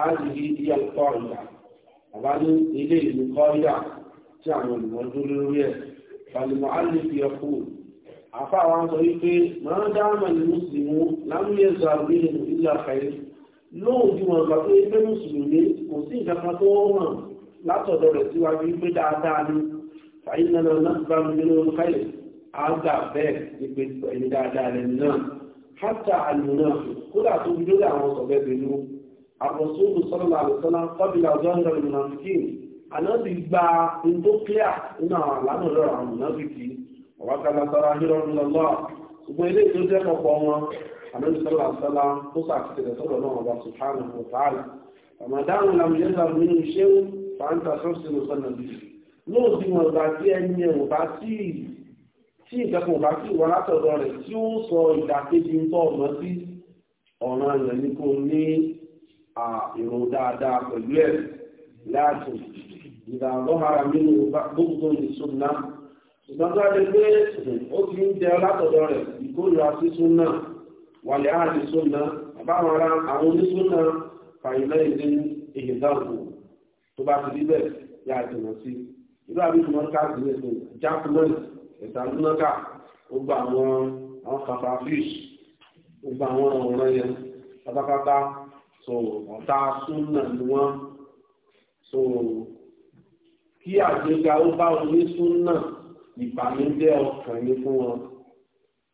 á sì rí iye ọ̀pọ̀ ìgbà bàbá ní ilé ìlú kọ́ríà tí àwọn olùmọ̀ dúró lórí ẹ̀ falimọ̀ alifi ẹ̀kú àfa àwọn sọ wípé máa dáhùn ní mùsùlùmí lámúyẹ̀ zàrú nínú ìlú àkàyè lóòdì wọn gbà pé pé mùsùlùmí kò sí nǹkan kan tó hàn látọ̀dọ̀ rẹ̀ síwájú pé dáadáa ni fàyín náà náà bá mi nínú olùkáyè àgbà bẹ́ẹ̀ ìpè ẹni dáadáa rẹ̀ náà hátà àlùmọ́ kódà tó fi lórí àwọn sọ̀bẹ́ pẹ̀lú àpọ̀sọ́lù sọ́lá àlùsọ́lá kọ́bìlà ọ̀dọ́ ìrìnàmùsíkì ànábì àmì sọ́lá sọ́lá tó sàkíkẹ̀ sọ́dọ̀ náà ọba sùhánà ọ̀tàálà àmà dáhùn làmì yẹ́sà nínú iṣẹ́ fàǹtà sọ́sìnù sọ́nà bí lóò sí wọn bá tí ẹni ẹ̀ ò bá tí tí ìjọba ò bá tí wọn látọ̀dọ̀ rẹ̀ tí ó sọ ìdàkejì ń tọ́ ọ̀nà sí ọ̀ràn rẹ̀ ní kò ní èrò dáadáa pẹ̀lú ẹ̀ láti ìdàlọ́hara nínú gbogbo ìṣúná ṣùgbọ́n tó wàlẹ̀ àti súnà àbáwọn ará àwọn onísúnà fàyínà ìdí ìhìndàbò tó bá ti rí bẹ́ẹ̀ yá àjùmọ̀ sí ìlú àbíkùnmọ́ káàkiri ẹ̀sìn jákùnmọ́ọ̀nì ìtàlúnákà gbogbo àwọn àwọn kàfàfíìsì gbogbo àwọn ọ̀ràn yẹn pátápátá so ọ̀tá súnà ni wọ́n so kí àgbéga ó bá onísúnà ìbànújẹ́ ọkàn ní fún wọn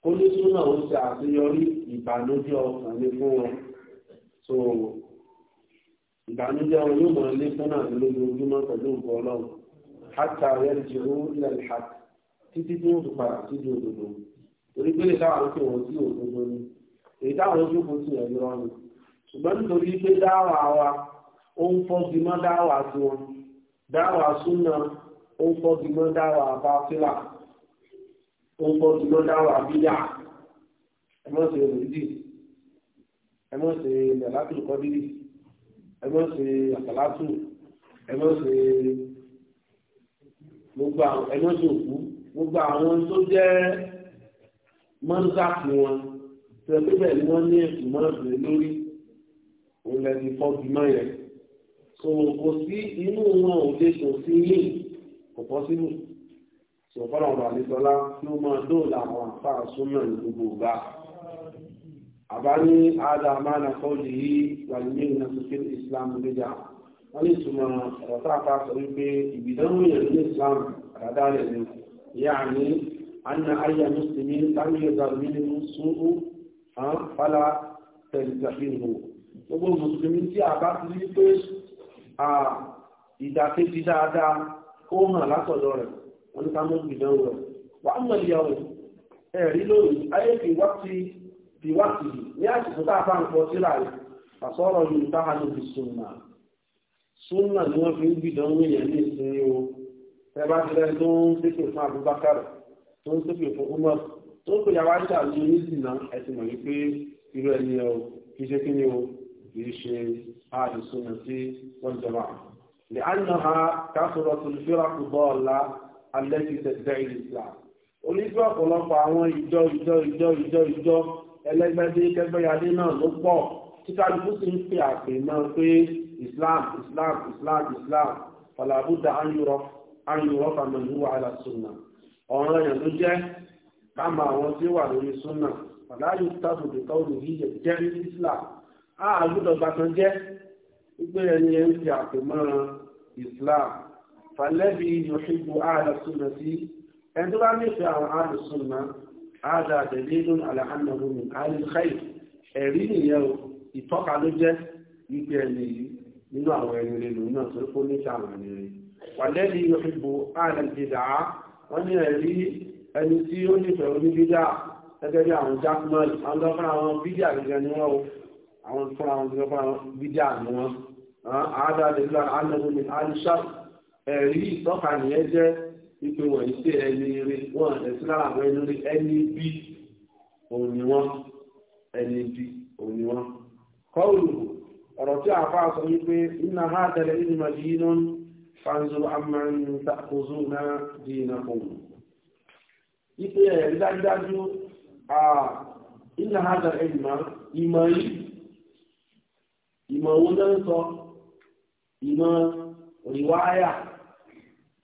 ó ní súnà ó ṣe àṣeyọrí ìbànújẹ́ ọkàn ní fún wọn so ìbànújẹ́ wọn yóò mọ ilé fún náà lójoojúmọ́ pẹ̀lú òkú Ọlọ́run hátà rẹ jù ú ilẹ̀ ìhà títí tí wọn fi padà òdodo torí pé ìdáwọn ń pè wọn sí òdodo ni èyí táwọn ojú kò sí ẹ̀yìn rọrùn ṣùgbọ́n nítorí pé dáwà wa ó ń fọ́gi mọ́ dáwà tiwọn dáwà súnà ó ń fọ́gi mọ́ dáwà bá fílà ó pọ̀ tó ló dáwọ̀ àbíyá ẹ mọ̀ ṣe rèédì ẹ mọ̀ ṣe lẹ́látù kọ́dírì ẹ mọ̀ ṣe àtàlátù ẹ mọ̀ ṣe gbogbo àwọn ẹ mọ̀ ṣe òkú gbogbo àwọn tó jẹ́ mọ́ńsáàkì wọn tó ẹ ni wọ́n ní ẹ̀sùn mọ́ọ̀sì lórí òun lẹ́ni fọ́ọ̀bì mọ́ yẹn kò sí inú wọn ò lè sọ sí yìí kò pọ́sibú sọ̀bọ́lọ̀ wà nítorá kí ó máa dóòlà àwọn àfáà súnmọ̀ ní gbogbo ìgbà àbá ní ádá máa kọ́ lè yí wà ní ìrìnà sókè islam lójà wọ́n ní ìtumọ̀ ọ̀rọ̀ tá a fa sọ wípé ìbìdánwò yẹn ní islam àdá rẹ̀ ni ìyá àní anna ayé mùsùlùmí táwọn yóò gbàgbé nínú sùúrù fàlà tẹ̀lifíìnù gbogbo mùsùlùmí tí a bá ti rí pé ìdàkejì dáadáa ó hàn látọ̀dọ̀ rẹ̀ wọn ní ká mọ́ ìdánwò rẹ̀ wà á mọ̀ ìyàwó ẹ̀rí lónìí ayé fi wá sí fi wá sí i ní àsìkò tá a bá ń pọ̀ sí láàyè àsọ̀rọ̀ yìí táwa ló fi súnmà súnmà ni wọ́n fi ń gbìdánwò yẹn ní ìsinmi o ẹ bá ti rẹ tó ń ṣépè fún Abubakar tó ń ṣépè fún Umar tó ń pè yàrá ní onísìnà ẹ̀sìn mọ̀ wípé irú ẹni ẹ o kì í ṣe kí ni o kì í ṣe àdìsúnmọ̀ sí wọ́n jọba. لأنها كثرة الفرق ضالة alẹ́tí tẹ̀síbẹ́ Islam onígbà ọ̀pọ̀lọpọ̀ àwọn ìjọ ìjọ ìjọ ìjọ ìjọ ẹlẹ́gbẹ́dé kẹgbẹ́yadé náà ló pọ̀ títàlùkù sì ń pè àpè náà pé Islam Islam Islam Islam falabuda anyurọ anyurọ famanuwa ala sunna ọ̀ràn yẹn ló jẹ́ káma àwọn tí ó wà lórí sunna fàlàyé tábùdù káwọn òyìnbó jẹ́ Islam a gbọ́dọ̀ gbàtàn jẹ́ gbígbé ẹni ẹni ti àpè mọ́ra Islam fàlẹ́bí yòókù àlùsùnà sí ẹni tó bá nífẹ̀ẹ́ àwọn àlùsùnà àdá àdẹ̀lẹ́lú àlàhánàlómi àlùkáì ẹ̀rí nìyẹn o ìtọ́ka ló jẹ́ wípé ẹni yìí nínú àwọn ẹni rẹ̀ lòun náà tó kó níta àwọn ẹni rẹ̀ wàlẹ́bí yòókù àlùbìdà wọ́n ní ẹ̀rí ẹni tí ó nífẹ̀ẹ́ oníbídà gẹ́gẹ́ bí àwọn jákúmọ́lì àwọn tó fún bídíà gẹ́gẹ́ ni wọ́n àwọn fún àwọn bídíà ni wọ́n àádọ́ àdẹ̀lẹ́lú àlùsùnà ẹ̀rí ìtọ́ka nìyẹn jẹ́ ipe wọ̀nyí ẹni rí wọ́n ẹ̀sí àwọn ẹni rí ẹni bí òun ẹni bí òun kọ́ọ̀lù ọ̀rọ̀ tí a sọ wípé ha tẹ̀lé ní madina fanzu amáyín takozu di iná fún un. ipe ẹ̀rí dájúdájú nna ha tẹ̀lé ìmọ̀ ìmọ̀ yìí ìmọ̀ náà sọ ìmọ̀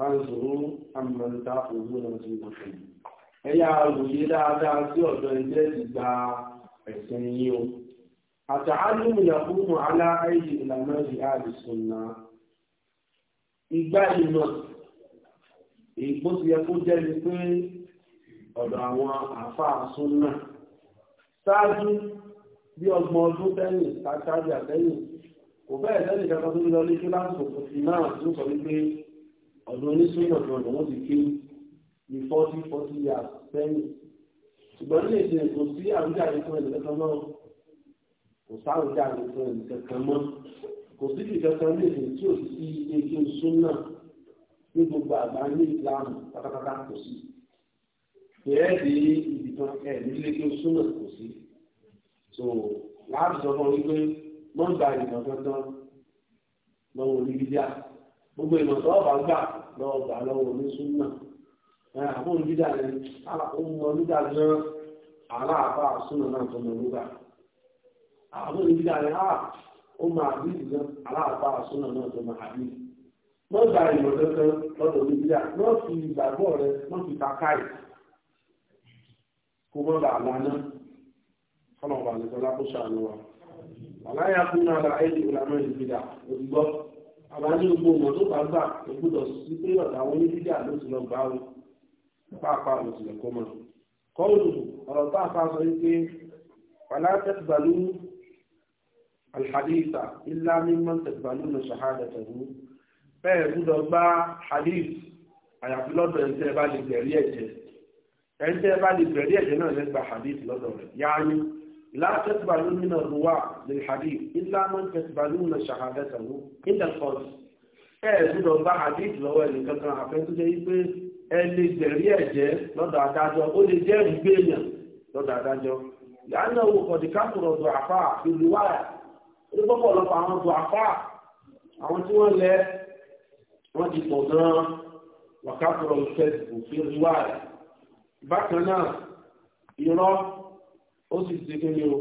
fáńsòrò àmọ̀ǹta òwú náà ti wọ̀ fún mi. ẹ yá òye dáadáa sí ọ̀dọ̀ ẹgbẹ́ ti gba ẹ̀sìn yín o. àtàlùmù yàgùnmù aláàyè ìlànà ìhàdì sùnà. ìgbà ìmọ̀ èkó ti yẹ kó jẹ́ ni pé ọ̀dọ̀ àwọn àáfàá sùnà. ṣáájú bí ọgbọ̀n ọdún sẹ́yìn ṣáájú àtẹ́yìn kò bẹ́ẹ̀ sẹ́yìn kankan tó ń lọ ní kíláàsì òkùnkùn náà ló sọ wípé ọ̀dọ̀ oníṣòwò kan lòun ti ké ní forty forty years sẹ́yìn ṣùgbọ́n nílé ìṣe kò sí àwùjáde fún ẹnì kankan náà kò sáwùjáde fún ẹnì kankan mọ́ kò sí kì kankan nílé ìṣe tí ò sí ilé kí n sún náà ní gbogbo àgbá ní ìlànà pátápátá kò sí bẹ́ẹ̀ di ibi kan ẹ̀ nílé kí n sún náà kò sí so láti sọ fún mi pé mọ́ńgbà ìmọ̀ kankan lọ́wọ́ oníbíjà gbogbo ìmọ̀ tó ọ̀bà gbà lọ́wọ́ gbà lọ́wọ́ onísúnà àbọ̀ olùdíjà rẹ̀ ọmọ olùdíjà náà àrà na súnà náà tó mọ̀ lùgbà àbọ̀ olùdíjà rẹ̀ á ó mọ àbíyì náà àrà súnà náà tó mọ̀ wọ́n gba ìmọ̀ lọ́dọ̀ wọ́n fi ìgbàgbọ́ wọ́n fi kó fọlọ́ọ̀bà nìkan lápò wa. àlàyé akúnnà àwọn ní gbogbo ọmọ tó bá gbà kò gbọdọ̀ sí pé ọ̀dà àwọn onídíjà ló ti lọ gbà ó pàápàá ló ti lọ kọ́ mọ́. kọ́ọ̀lù ọ̀rọ̀ tá a fa sọ wípé wàlá tẹ̀síbalú alhadisa ilá mímọ́ tẹ̀síbalú ní ṣàhádà tẹ̀wú bẹ́ẹ̀ gbọdọ̀ gbá hadith àyàfi lọ́dọ̀ ẹ̀ńtẹ́ ẹ bá lè bẹ̀rí ẹ̀jẹ̀ ẹ̀ńtẹ́ ẹ bá lè bẹ̀rí ẹ̀jẹ̀ náà lẹ́gbàá hadith lọ́dọ̀ rẹ̀ yáá ní لا تقبلون من الرواة للحديث إلا من تقبلون شهادته إلا القاضي ẹ gbọ́dọ̀ hadith lọ́wọ́ ẹnì kankan àfẹnusọ jẹ wípé ẹ lè jẹrí lọ́dọ̀ adájọ́ ó lè jẹrìí gbẹyàn lọ́dọ̀ adájọ́ yàrá wo kọdí kápùrọ dùn àfà ìlú wáyà ó gbọ́ pọ̀lọpọ̀ àwọn dùn àfà àwọn tí wọ́n lẹ wọ́n ti pọ̀ gan-an ìlú wáyà bákan náà ó sì ti kéde o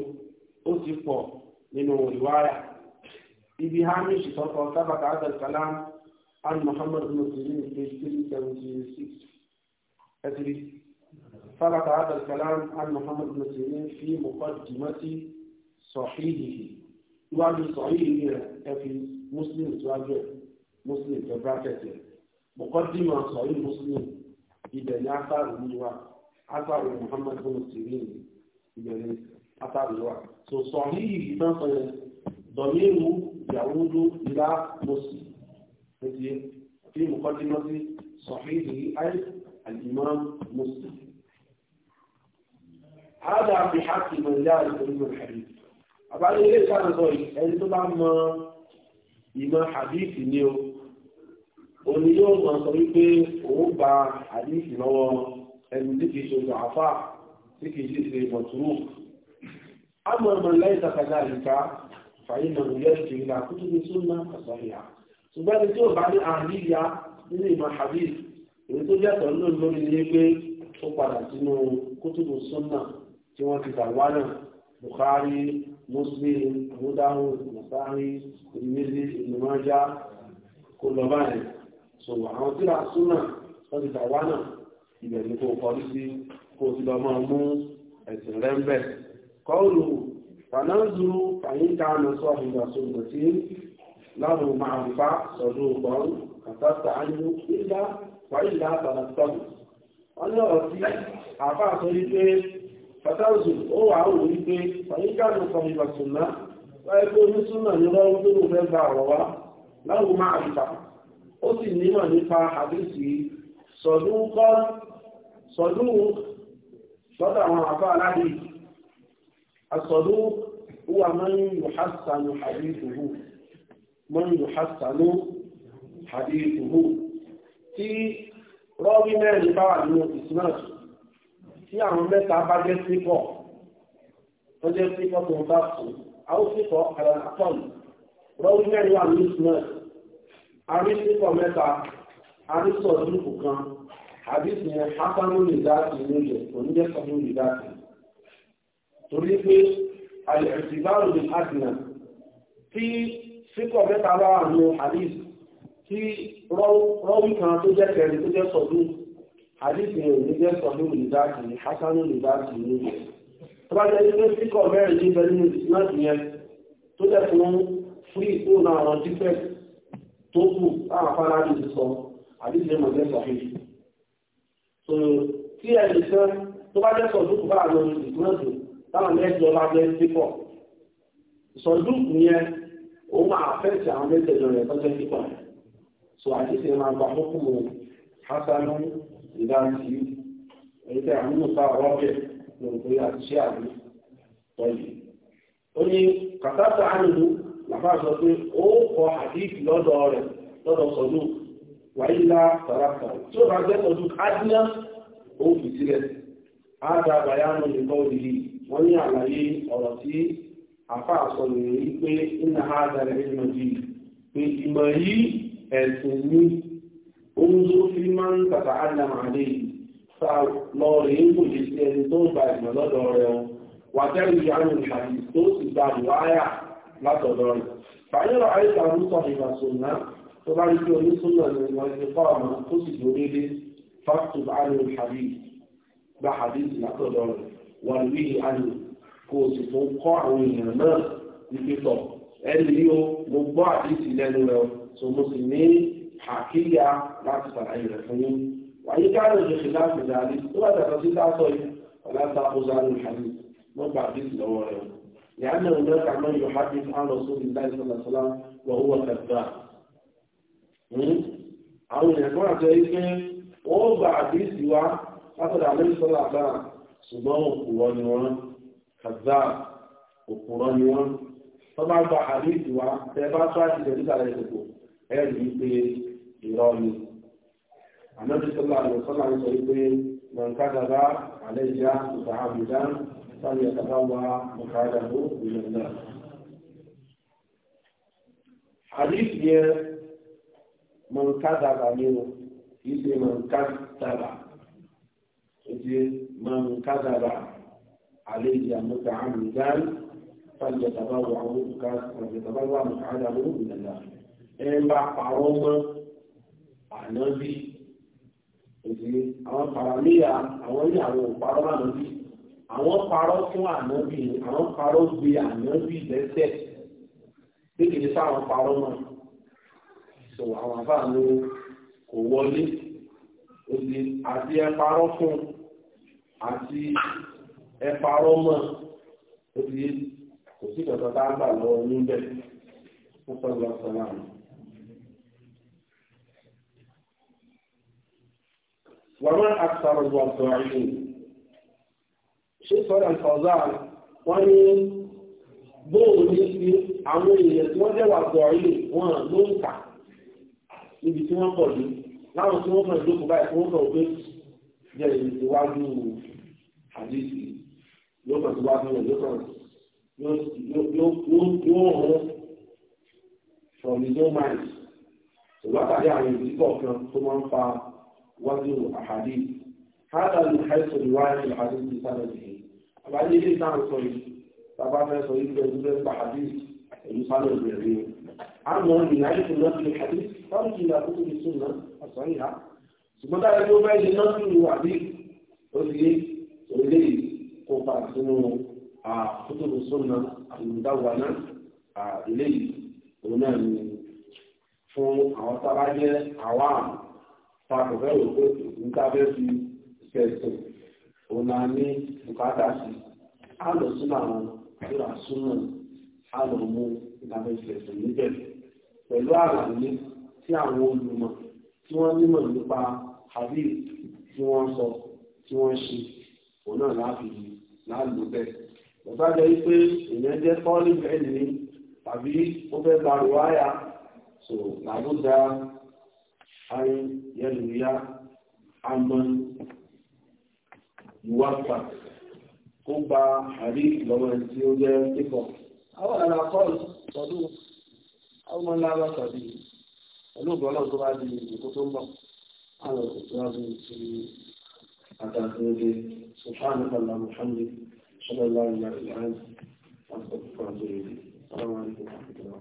ó sì pọ̀ nínú ìwáyà ibi hamish sọ́kọ sábàkà adàlkalam an muhammad muslim page three seventy six ẹtìrì sábàkà adàlkalam an muhammad muslim fi muqaddimati sahihihi iwájú sahihihi rẹ̀ ẹ fi muslim síwájú ẹ̀ muslim ẹ̀ bracket ẹ̀ muqaddima sahihi muslim ibẹ̀ ní asáàrù yìí wá asáàrù muhammad muslim yìí ìbẹ̀rẹ̀ àtàríwá so sọ̀rí yìí náà sọ yẹn dọ̀míìrù ìyàwó ló ìlà mọ̀sí ẹ̀dí fi mọ̀kọ́dé náà sí sọ̀rí yìí ayé àlìmọ́ mọ̀sí. هذا في حق من لا يؤمن الحديث àbáyé ilé ìsáàrùn sọ ẹni tó bá mọ ìmọ̀ hadithi ni o òní yóò mọ̀ sọ wípé òun gba hadithi lọ́wọ́ ẹni tí kìí ṣe ọ̀dọ̀ àfáà tí kìí sì ṣe mọ̀túrù amọ̀mọ̀ láì sàkàdà ìka fàyínà ìyẹ́ ìjìnlá kútù ní súnmọ́ àsọ̀yà ṣùgbọ́n ní tí ó bá ní àríyá nínú ìmọ̀ habib èyí tó jẹ́ tọ̀lú lórí ní pé ó padà sínú kútù ní súnmọ́ tí wọ́n ti tàwa náà Bukhari Muslim amudahu Nasa'i ìmísí ìmọ̀já kò so àwọn tí a súnmọ́ wọ́n ti tàwa kó o ti lọ máa mú ẹ̀sìn rẹ ń fanazuru máa ń fa sọ̀dọ̀ ọ̀gbọ́n kàtàkà ánú ìlà wàhálà àtàlàtàlù. wọ́n ní ọ̀rọ̀ tí àbá sọ wípé fanazuru ó wà á wò wípé fàyínká lọ wáyé pé onísúnà ní tó ló fẹ́ gba ọ̀rọ̀ sọ́dọ̀ àwọn àbá aládé àsọ̀dú wà máa ń yù hásánù hadithuhu máa ń yù hásánù hadithuhu tí rọ́ọ̀bì mẹ́rin bá wà nínú ìsináàtù tí àwọn mẹ́ta bá jẹ́ sípọ̀ tó jẹ́ sípọ̀ tó ń bá sùn àwọn sípọ̀ àlàkọ́ọ̀lù rọ́ọ̀bì mẹ́rin wà nínú ìsináàtù àrí sípọ̀ mẹ́ta àrí sọ̀dúnkù kan àdìsí yẹn hasanu lè dáàtì ló yẹ oníjẹ sanu lè dáàtì torí pé àyè ìsìbáàrò lè hàdìnà tí síkọ̀ mẹ́ta bá wà nù àdìsí tí rọ́wí kan tó jẹ́ kẹrin tó jẹ́ sọ̀dún àdìsí yẹn oníjẹ sanu lè dáàtì hasanu lè dáàtì ló yẹ tó bá jẹ́ pé síkọ̀ mẹ́rin ní bẹ́ẹ̀ nínú ìsìnàtì yẹn tó jẹ́ fún fún ìkóhùn àwọn dífẹ́ tó kù láwọn afárá àdìsí sọ àdìsí yẹn mọ̀ tí ẹ lè sọ tó bá jẹ́ sọ̀dúkù bá àwọn táwọn mẹ́jọ bá pípọ̀ sọ̀dúkù yẹn ó máa àwọn mẹ́jọ rẹ̀ tó jẹ́ pípọ̀ so máa gba hasanu ìdáǹtì èyí tẹ àbí ó ní làbá sọ pé ó kọ lọ́dọ̀ wàyílá sàràkà tí ó bá jẹ́ ọdún adínà òfì sílẹ̀ ádá bayanu nìkan òdìrí wọ́n ní àlàyé ọ̀rọ̀ tí àfa àsọ̀rọ̀ yìí pé iná ha dára nínú ọdún yìí pé ìmọ̀ yìí ẹ̀sìn ní ohun tó fi máa ń tàtà yìí sá lọ kò lè ṣe ẹni tó ń gba ìmọ̀ lọ́dọ̀ rẹ̀ o wà tó sì gba látọ̀dọ̀ rẹ̀ fàyẹ̀rọ̀ àyíká ń ìgbà طبعا يقول يصلنا للإقامة قصد يريد فاكتب عنه الحديث بحديث الأقدر والويه عنه قصد فوقع ونعمة الكتاب قال لي مبع ديس إلى نمو سمسلمين حكية لا تفعل أي رفعين وعي كان الخلاف من ذلك هو هذا قصد أصوي ولا تأخذ عنه الحديث مبع ديس إلى لأن هناك من يحدث عن رسول الله صلى الله عليه وسلم وهو كذاب Hmm? àwọn èèyàn kan àti ẹyí pé wọ́n gba àdéhìsì wa látọ̀dọ̀ àlẹ́sọ́lá àgbára ṣùgbọ́n òpùrọ̀ ni wọ́n kàdá òpùrọ̀ ni wọ́n tó bá gba àdéhìsì wa tẹ bá tó àti ìdẹ̀bí sàlẹ̀ ìdòkò ẹ rí i pé irọ́ ni àlẹ́sọ́lá àlẹ́sọ́lá ń sọ pé mọ̀nkádàbá àlẹ́yà ìtàhàmìdá sáré ẹ̀kàdá wa mọ̀nkádàbó ìlẹ̀ àdéhìsì yẹn mọ̀nkádàbà nínú kì í ṣe mọ̀nkádàbà ètí mọ̀nkádàbà àlẹ́ ìdí àmúta àmì dárí fàjẹ̀tàbà wà mọ̀nkádàbà nínú ẹ̀ ń bá pàrọ̀ mọ́ àná bí èdè àwọn paramíyà àwọn ní àwọn òparọ́ ànábì àwọn parọ́ fún ànábì àwọn parọ́ gbé ànábì lẹ́sẹ̀ kékeré sáwọn parọ́ náà so àwọn àfáà ló kò wọlé ó sì àti ẹparọ́ fún àti ẹparọ́ mọ́ ó sì kò sí ìtọ́ta tá a gbà lọ́wọ́ níbẹ̀ ó sọ lọ sọ náà. wàmọ́ àtàrà ìwà sọ̀rọ̀ yìí ṣé sọ̀rọ̀ ìfọ̀zá wọ́n ní bóòlù ní àwọn èèyàn tí wọ́n jẹ́ wà sọ̀rọ̀ yìí wọ́n ló ń kà níbi tí wọ́n pọ̀ ní láwọn tí wọ́n kàn lóko báyìí tí wọ́n kàn pé jẹ́ ìwájú àdéhùn yóò kàn tó wá fún ẹ̀ yóò kàn yóò hàn from his own mind ìwádàdé àwọn ìdí kọ̀ọ̀kan tó máa ń fa wájú àhàdí hádà ló hẹ́sọ̀ ìwáyé àhàdí ti sáré nìyí àbáyé ilé náà sọ yìí bàbá fẹ́ sọ yìí bẹ́ẹ̀ bẹ́ẹ̀ bá àdí èyí sáré ìbẹ̀rẹ̀ àmọ́ ìnáyé tó lọ́sí àdí sáré ìlà tó ti sùn náà ọ̀sán ìhà ṣùgbọ́n táyà tó bá ṣe náà nínú àbí òṣìṣẹ́ òṣìṣẹ́ yìí kó pa sínú àkótópò sùn náà àlùdáwà náà ilé yìí òun náà ni fún àwọn tábà jẹ́ àwa pàtó fẹ́ rò pé nǹkan fẹ́ fi kẹsàn-án òun náà ní bùkátà sí a lọ sínú àwọn àdúrà sùn náà a lọ mú ìlànà ìfẹsẹ̀ níbẹ̀ pẹ̀lú àlàyé tí àwọn olùmọ̀ tí wọ́n nímọ̀ nípa hadith tí wọ́n sọ tí wọ́n ṣe òun náà láàfin láàlú bẹ́ẹ̀. bàbá jẹ́ wípé èèyàn jẹ́ kọ́ọ̀lì bẹ́ẹ̀ ni tàbí ó fẹ́ gba rìwáyà so làbúdà ayé yẹlùmíyá àmọ́ ìwáfà kó gba hadith lọ́wọ́ ẹni tí ó jẹ́ kíkọ́. àwọn àlàkọ́ọ̀lù sọdún àwọn ọmọ ńlá bá sọdún yìí pẹ̀lú ọ̀dọ́ ọlọ́run tó bá di ìdìbò tó ń bọ̀ á lọ tẹ̀síwájú sí àtàkùnrin sùfáàní pàlà mùhàmmí ṣọlọ́lá ìlànà àti ọ̀pọ̀ àjọyọ̀ àwọn àríkò àti ìlànà